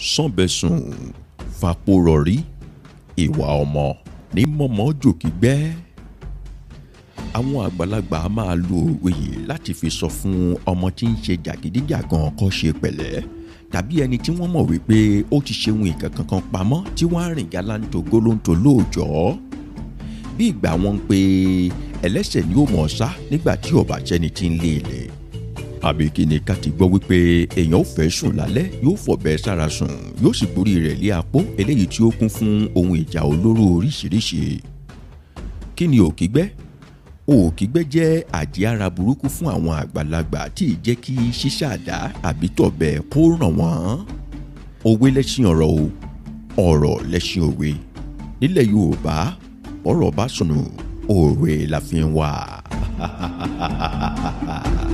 sànbẹ̀sùn fapòrọ̀rí ìwà ọmọ ní mọ̀mọ́ jòkígbẹ́. àwọn àgbàlagbà máa lo òwe yìí láti fi sọ fún ọmọ tí ń ṣe jàgídíjàgan kó ṣe pẹ̀lẹ́ tàbí ẹni tí wọ́n mọ̀ wípé ó ti ṣe ohun ìkankan kan pamọ́ tí wọ́n á rìn galanto gólóńtò lóòjọ́ bí ìgbà wọn ń pe ẹlẹ́sẹ̀ ni ó mọ̀ ọ́ sá nígbà tí ọ̀bàjẹ́ni ti ń lé ilẹ̀ e àbí kí ni ká ti gbọ́ wípé èèyàn ò fẹ́ sùn lálẹ́ yóò fọ̀bẹ sára sùn yóò sì borí rẹ̀ lé apó eléyìí tí ó kún fún ohun ìjà olóró oríṣiríṣi. kí ni òkígbẹ́ òkígbẹ́ jẹ́ àjẹ́ ara burúkú fún àwọn àgbàlagbà tí ì jẹ́ kí ṣíṣàdá àbí tọ̀bẹ kó ràn wọ́n. òwe lẹ́ṣin ọ̀rọ̀ o ọ̀rọ̀ lẹ́ṣin òwe nílẹ̀ Yorùbá ọ̀rọ̀ bá sùnù òwe la wà.